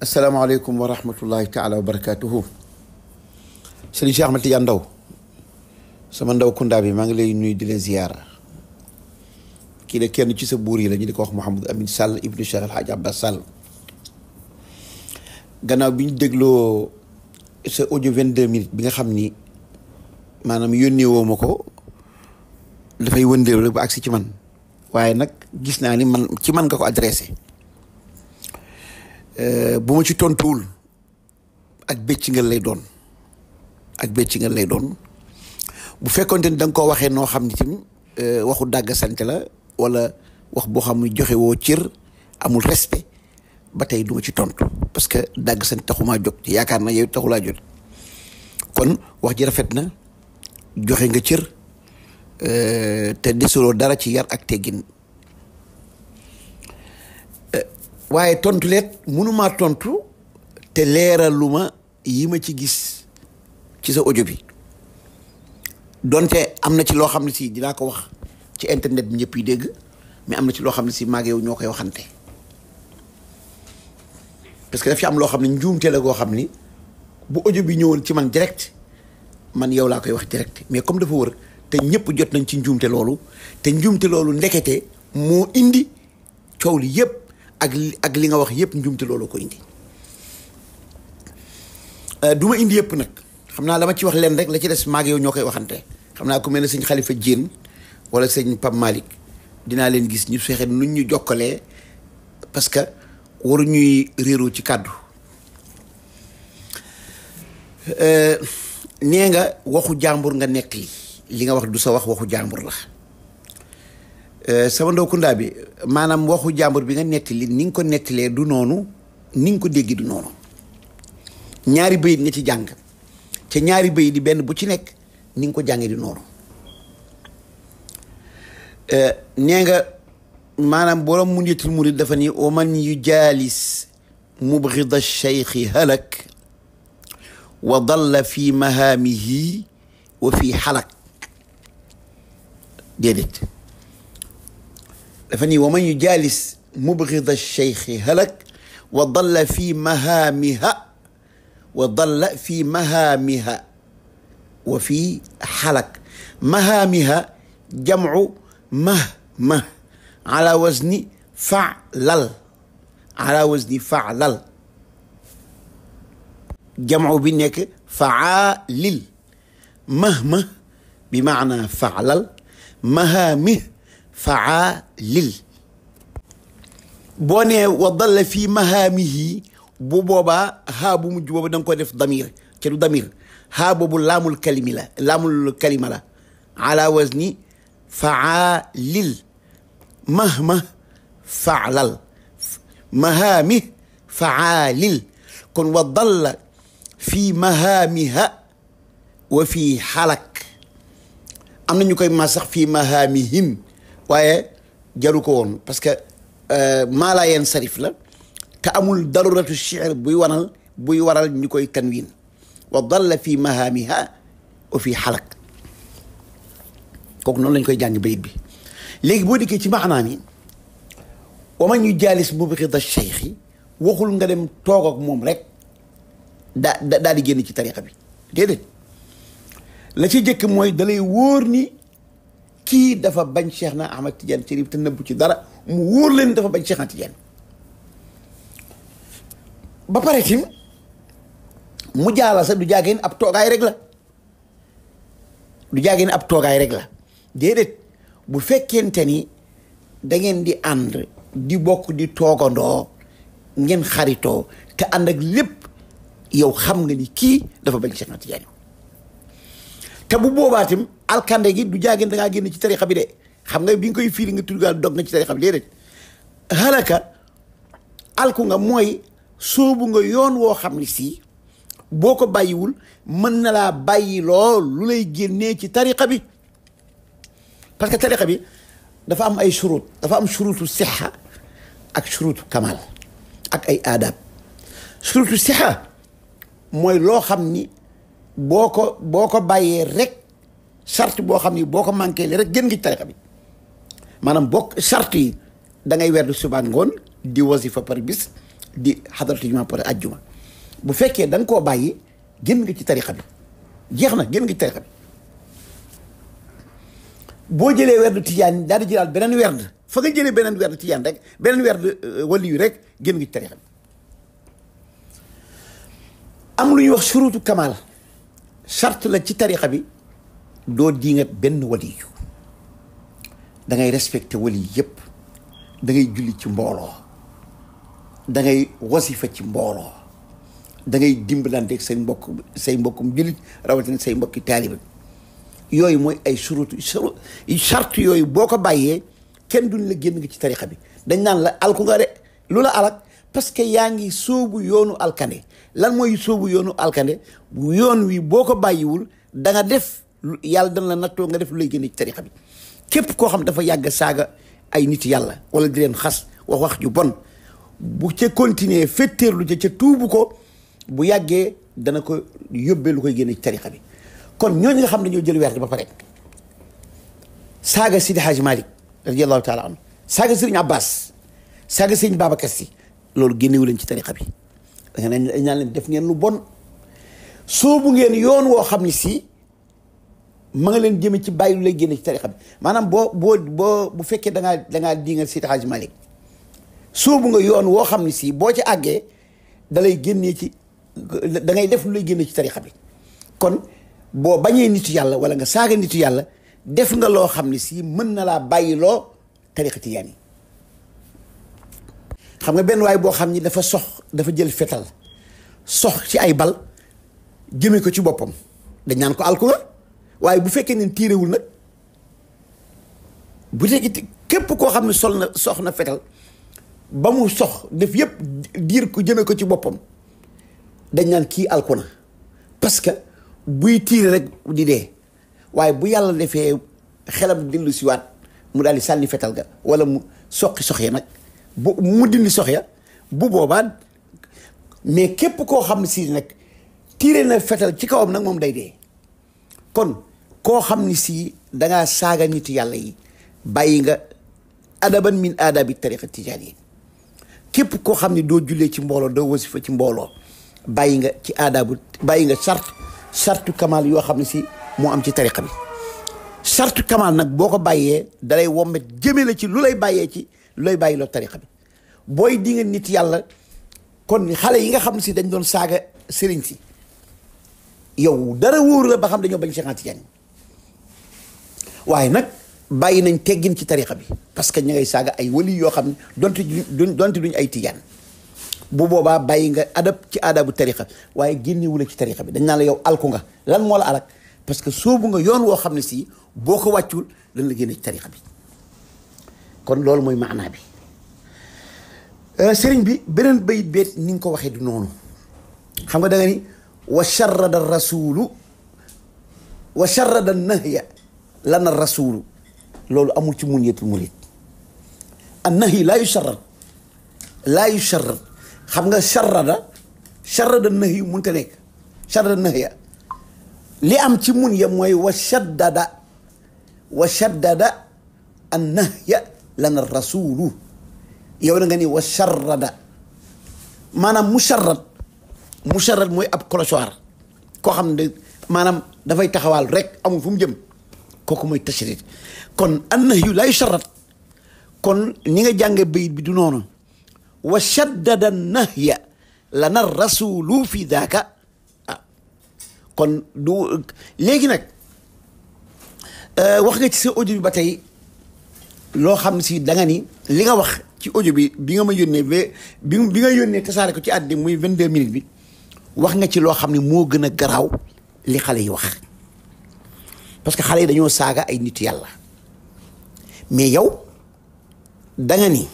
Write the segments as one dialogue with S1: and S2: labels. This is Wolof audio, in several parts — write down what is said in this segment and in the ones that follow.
S1: asalaamaaleykum wa rahmatullahi taala wa barakaatuhu sëriñ Cheikh Ahmed Tidiane Ndao sama ndaw kunda bi maa ngi lay nuyu di la ziyaara kii de kenn ci sa buur yi la ñu di ko wax Mouhamadou Amine Sall ibnu Cheikh El Hadj Abbas Sall gannaaw bi ñu dégloo sa audio vingt-deux minutes bi nga xam ni maanaam yónnee woo ma ko dafay wëndeelu rek ba agsi ci man waaye nag gis naa ni man ci man nga ko adressé Eh, bu ma ci tontuwul ak bécc nga lay doon ak bécc nga lay doon bu fekkonte ni da nga ko waxee noo xam ne tamit eh, waxu dàgg sant la wala wax boo xam ne joxe cër amul respect ba tey du ci tontu parce que dàgg sant taxumaa jóg te yaakaar na yow taxulaa jot kon wax ji rafet na joxe nga cër eh, te desuloo dara ci yar ak teggin waaye tontu leet mënumaa tontu te leeraluma yi ma ci gis ci sa audio bi donte am na ci loo xam ne si dinaa ko wax ci internet bi ñëpp yi dégg mais am na ci loo xam ne si maag yow ñoo koy waxante parce que daf am loo xam ne njuumte la goo xam ni bu audio bi ñëwoon ci man direct man yow laa koy wax direct mais comme dafa wër te ñëpp jot nañ ci njuumte loolu te njuumte loolu ndekete moo indi coow li yëpp. ak ak li nga wax yëpp njumte loolu ko indi euh, du indi yëpp nag xam naa la ma ci wax leen rek la ci des maag yow ñoo koy waxante xam naa ku mel ne sëñ Xalifa Diène wala sëñ pam malik dinaa leen gis ñu fexe nuñ ñu jokkale parce que waru ñuy réeroo ci kàddu euh, nee nga waxu jàmbur nga nekk li li nga wax du sa wax waxu jàmbur la Eh, sama ndaw kunda bi maanaam waxu jàmbur bi nga nettali ni nga ko nettalee du noonu ni ko déggi du noonu ñaari bayit nga ci jàng te ñaari bayit di benn bu ci nekk ni ko jàngee du noonu eh, nee nga maanaam borom mu njetul murid dafa ni wa man yu jaalis mubghida cheikhi halak wa dalla fi mahaamihi wa fi xalak déedéet dafa ni wa man yujaalis mubrida alcheikhi halak wa dalla fi mahaamiha wa dalla fi mahaamiha wa fi halak mahaamiha jamcu mah mah ala wazni fa'lal ala wazni fa'lal jamcu bi nekk fa'aalil mah mah bi maana fa'lal mahaamih faalil boo nee wa dalla fii mahaamihi bu boobaa xaa bu mujj boobu da nga ko def damir te du damir xaa boobu laamul kalimi la laamul kalima la ala wazni faalil mahma faalal mahaamih faalil kon wa dalla fii mahaamiha wa fii xalak am na ñu koy ma sax fii mahaamihim waaye jaru ko woon parce que euh, maalaayeen sarif la te amul daruratu shi'r buy wanal buy waral ñu koy tanwin wa dalla fi mahaamiha wa fi xalak kooku noonu lañ koy jàng bayit bi léegi boo dikkee ci maanaa mi wa man yu jaalis mubxida cheikhi waxul nga dem toog ak moom rek daa di génn ci tariqa bi déedéet la ci jëkk mooy dalay wóor ni kii dafa bañ Cheikh na Ahmad Tidiane Chérif te bu ci dara mu wóor leen dafa bañ Cheikh na Tidiane ba pare tim mu jaala sa du jaageen ab toogaay rek la du jaageen ab toogaay rek la déedéet bu fekkente ni da ngeen di ànd di bokk di toogandoo ngeen xaritoo te ànd lépp yow xam nga ni kii dafa bañ Cheikh na Tidiane te bu boobaa alkande gi du jaagin da ngaa génn ci tarixa bi de xam nga bi nga koy fiiri nga tuddugaal dog nga ci tarixa bi déedéet halaka alku nga mooy soobu nga yoon woo xam ni sii boo ko bàyyiwul mën na laa bàyyi lool lu lay génnee ci tarixa bi parce que tarixa bi dafa am ay shurut dafa am shurutu sixa ak shurutu kamal ak ay aadab shurutu sixa mooy loo xam ni boo ko boo ko bàyyee rek charte boo xam ni boo ko manqué li rek gën ngi tarixa bi maanaam bokk charte yi da ngay werdu suba ngoon di wasifa par bis di xadaratu juma ak ajjuma bu fekkee da koo bàyyi gën nga ci tarixa bi jeex na gën nga ci tarixa bi boo jëlee werdu tijaan daal di jëlaat beneen werd fa nga jëlee beneen werdu tijaan rek beneen werdu euh, wali rek gën ngi ci tarixa bi am lu wax surutu kamal charte la ci tarixa bi doo diingat benn waliyu dangay ngay respecté wali yëpp da ngay julli ci mbooloo da ngay wasifa ci mbooloo da ngay dimbalanteeg say mbokk say mbokkum jullit rawatina say mbokki taaliba yooyu mooy ay surutu charte yooyu boo ko bàyyee kenn duñ la génn nga ci tarixa bi dañ naan la alku nga de lu la alak parce que yaa ngi sóobu yoonu alkane lan mooy sóobu yoonu alkande yoon wi boo ko bàyyiwul da nga def yàlla dana la nattoo nga def lu lay génne ci tarixa bi képp koo xam dafa yàgg saaga ay nit yàlla wala di leen xas wax wax ju bon bu ca continuer fetteerlu ca ca tuubu ko bu yàggee dana ko yóbbee lu koy génne ci tarixa bi kon ñooñu nga xam ne ñoo jël werd ba pare saaga Sidi Hadj Malick radiallahu taala anhu saaga Sëriñ Abbas saaga Sëriñ Babacar Si loolu génnewu leen ci tarixa bi da nga ne ñaan leen def ngeen lu bon soobu ngeen yoon woo xam ne sii ma nga leen jëme ci bàyyi lu lay génne ci maanaam boo boo boo bu fekkee da ngaa da ngaa di nga Seydi Hadji Malick nga yoon woo xam ne si boo ci àggee da lay génnee ci da ngay def lu ci tarixa bi kon boo bañee nitu yàlla wala nga saaga nitu yàlla def nga loo xam ne si mën na laa bàyyi loo tarixa tijaan yi xam nga benn waay boo xam ni dafa sox dafa jël fetal sox ci ay bal jëmee ko ci boppam dañ naan ko alku nga waaye bu fekkee ne tiirewul nag bu tegi képp koo xam ne sol na sox na fetal ba mu sox def yëpp diir ko jëmee ko ci boppam dañ naan kii alku na parce que buy tiire rek di dee waaye bu yàlla defee xelam dellu siwaat mu daal di sànni fetal ga wala mu soqi soxee nag bu mu dindi sox ya bu boobaa mais képp koo xam ne si nag tiire na fetal ci kawam nag moom day dee kon koo xam ni si dangaa saaga nit yàlla yi bàyyi nga adaban min adabi tariqa tijaan yi képp koo xam ne doo jullee ci mbooloo doo wasifa ci mbooloo bàyyi nga ci aadabu bàyyi nga sart sartu kamal yoo xam ne si moo am ci tariqa bi sartu kamal nag boo ko bàyyee dalay wommet jëme la ci lu lay bàyyee ci looy bàyyi loo tarixa bi booy di nit yàlla kon xale yi nga xam si dañ doon saaga sëriñ si yow dara wóor la ba xam dañoo bañ Cheikh Anta Tidiane waaye nag bàyyi nañ teggin ci tarixa bi parce que ña ngay saaga ay wali yoo xam ne donte duñ donte duñ ay tijaan bu boobaa bàyyi nga adab ci adabu tarixa waaye génnewula ci tarixa bi dañ naa la yow alku nga lan moo la alak parce que soobu nga yoon woo xam ne si boo ko wàccul dañ la génne ci bi kon loolu mooy maanaa bi euh, sëriñ bi beneen bayit beet ni nga ko waxee du noonu xam nga da nga ni wa charrada rasulu wa charrada nahya lana rasulu loolu amul ci mun yëpp murit an nahyi laa yu charrad laa yu charrad xam nga charrada charrada nahyi munte nekk charrada nahya li am ci mun ya mooy wa shaddada wa shaddada an nahya lana rasulu yow da nga ni wa charrada maanaam musharrat musharrat mooy ab clochard koo xam ne maanaam dafay taxawal rek amul fu mu jëm kooku mooy tashrid kon annahyu laa yusharrat kon ni nga jànge bayit bi du noonu wa shaddada nahya lana rasulu fi daaka ah. kon du léegi nag euh, wax nga ci sa audio bi ba tey loo xam si da nga ni li nga wax ci audio bi bi nga ma yónnee bi bi nga yónnee tasaare ko ci àddina muy 22 minutes bi wax nga ci loo xam ne moo gën a garaaw li xale yi wax parce que xale yi dañoo saaga ay nit yàlla mais yow danga ni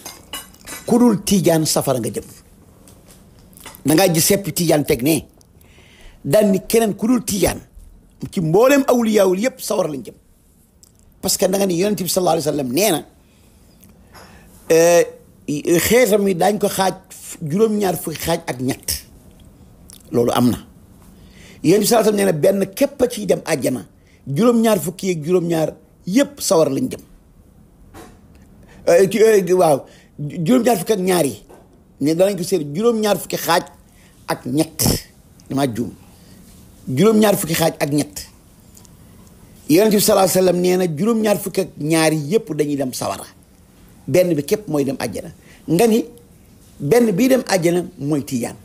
S1: ku dul tiijaan safara nga jëm da ngaa ji seppi tiijaan teg ne daan ni keneen ku dul tiijaan ci mboolem awliyawul yëpp sawar lañ jëm. parce que da nga ni yonent bi sallallahu alayhi wa sallam nee euh, daañ ko xaaj juróom-ñaar fukki xaaj ak ñett loolu am na yonent bi sallallahu alayhi benn képp ciy dem àjjana juróom-ñaar fukki yeeg juróom lañ jëm euh, euh, waaw juróom-ñaar fukki ak ko seet juróom-ñaar fukki xaaj ak ñett dama juum juróom-ñaar fukki xaaj ak ñett yonent bi salaa sallam nee na juróom-ñaar fukk ak ñaari yépp dañuy dem sawara benn bi képp mooy dem àjjana nga ni benn bii dem àjjana mooy tiijaan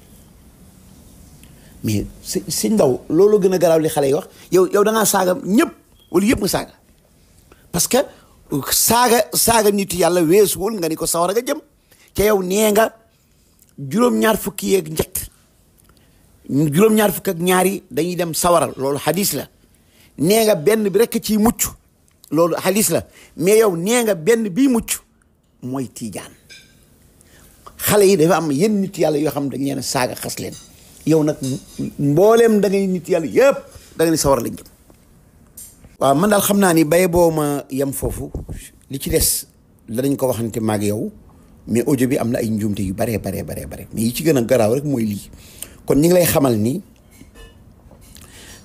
S1: mais si si ndaw loolu gën a garaaw li xale yi yow yow da ngaa saaga ñëpp wala yëpp nga saaga parce que saaga saaga nit yàlla weesuwul nga ni ko sawara nga jëm te yow nee nga juróom-ñaar fukki njëkk juróom-ñaar ak ñaari dañuy dem sawara loolu xadis la nee nga benn bi rekk ciy mucc loolu xadis la mais yow nee benn bii mucc mooy tiijaan xale yi dafa am yenn nit yàlla yoo xam dañ leen saaga xas leen yow nag mbooleem da ngay nit yàlla yëpp da nga ni sawar lañ jëm waaw man daal xam naa ni bay boo ma yem foofu li ci des dañ ko waxante maag yow mais audio bi am na ay njuumte yu baree baree baree bare mais yi ci gën a garaaw rek mooy lii kon ñi ngi lay xamal ni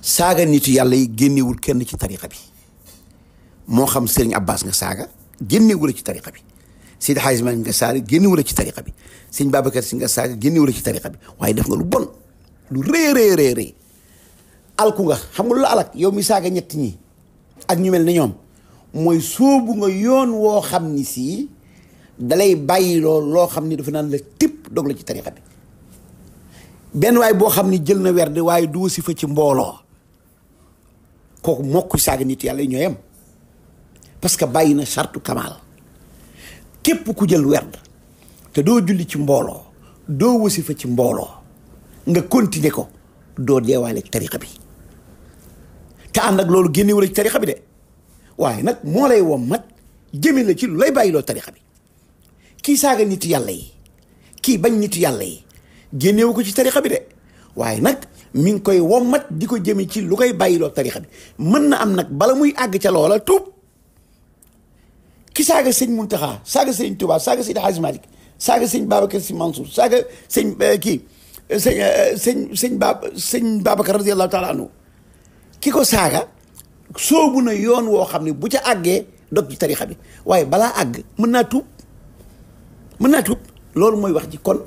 S1: saaga nitu yàlla yi génnewul kenn ci tariqa bi moo xam Serigne Abbas nga saaga génnewul ci tariqa bi Seydi Hadj Malick nga ci tariqa bi Serigne Babacar Si nga saaga génnewul ci tariqa bi waaye def nga lu bon lu rëy rëy alku nga xam nga lu la alak yow mi saaga ñetti ñi ak ñu mel na ñoom mooy soobu nga yoon woo xam ni si dalay bàyyi loolu loo xam ni dafa naan la tipp dog la ci tariqa bi benn waay boo xam ni jël na werd waaye du wasifa ci mbooloo kooku mokku saaga nit yàlla ñooy am parce que bàyyi na sartu kamaal képp ku jël werd te doo julli ci mbooloo doo wasifa ci mbooloo nga continuer ko doo deewaale tarixa bi te ànd ak loolu génnewul wala tarixa bi de waaye nag moo lay wom mat jëme la ci lu lay bàyyiloo tarixa bi kii saaga nit yàlla yi kii bañ nit yàlla yi génnewu ko ci tarixa bi de waaye nag mi ngi koy wommat di ko jëme ci lu koy bàyyiloo tarixa bi mën na am nag bala muy àgg ca loola tuub ki saaga sëñ Muntaxa saaga sëñ Tuubaa saaga sëñ Hajji Maalik saaga sëñ Babacar Si Mansour saaga sëñ eh, kii eh, eh, sëñ sëñ sëñ ba radiyallahu taala ki ko saaga soobu na yoon woo xam ne bu ca àggee dog ci tarixa bi waaye balaa àgg mën naa tuub mën naa tuub loolu mooy wax ji kon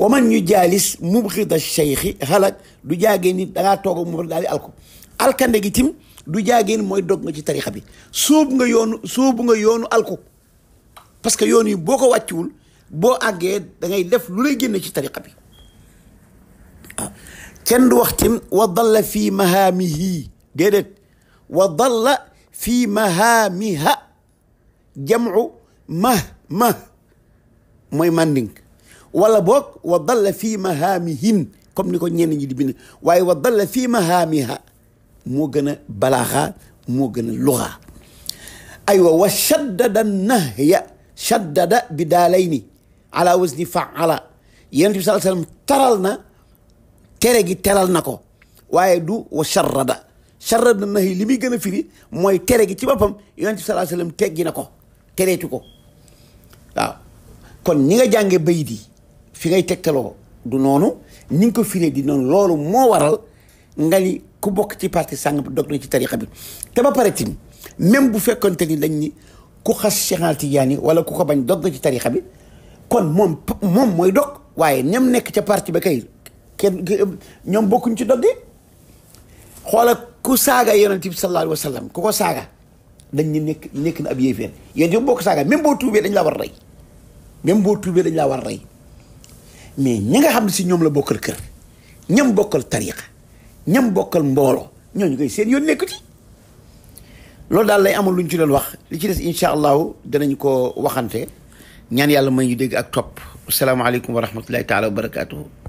S1: wa man ñu jaalis mubxida cheikhi xalak du jaagee ni dangaa toog mu daal di alku alkande gi tim du jaagee mooy dog nga ci tarixa bi sóobu nga yoonu nga yoonu alku parce que yoon yi boo ko wàcciwul boo àggee dangay ngay def lu lay génne ci tarixa bi waaw kenn du wax tim wa dalla fii mahaamihi déedéet wa dalla fii mahaamiha jamcu mah mah mooy manding wala boog wa dalla fii mahaamihim comme ni ko ñenn ñi di bind waaye wa dalla fii mahaamiha moo gën a balaaxa moo gën a luxa aywa wa shaddada nahya shaddada bi daalayni ala wasni faala yonent bi sallallahu alayhi wasallam taral na tere gi teral na ko waaye du wa sharrada sharrada nahyi li muy gën a firi mooy tere gi ci boppam yonent bi sallallahu alayhi wasallam teggi na ko tereetu ko waaw kon ñi nga jànge bayit fi ngay tegtaloo du noonu ni nga ko firee di noonu loolu moo waral nga ni ku bokk ci parti sàng dog na ci tarixa bi te ba pare tamit même bu fekkonte ni dañ ni ku xas Cheikh Al Tidiane wala ku ko bañ dog na ci tarixa bi kon moom moom mooy dog waaye ñam nekk ca parti ba kay kenn ñoom bokkuñ ci dogge xoola ku saaga yonent bi sallallahu alayhi wa sallam ku ko saaga dañ ni nekk nekk na ab yéeféer yéen ñoom boo ko saaga même boo tuubee dañ laa war a rey même boo tuubee dañ laa war a rey mais ñi nga xam ne si ñoom la bokkal kër ñam bokkal tariqa ñam bokkal mbooloo ñooñu koy seen yoon nekkuti loolu daal lay amul lu ñu ci doon wax li ci des incha allahu danañ ko waxante ñaan yàlla may ñu dégg ak topp asalaamaaleykum wa rahmatullahi taala wa barakatuhu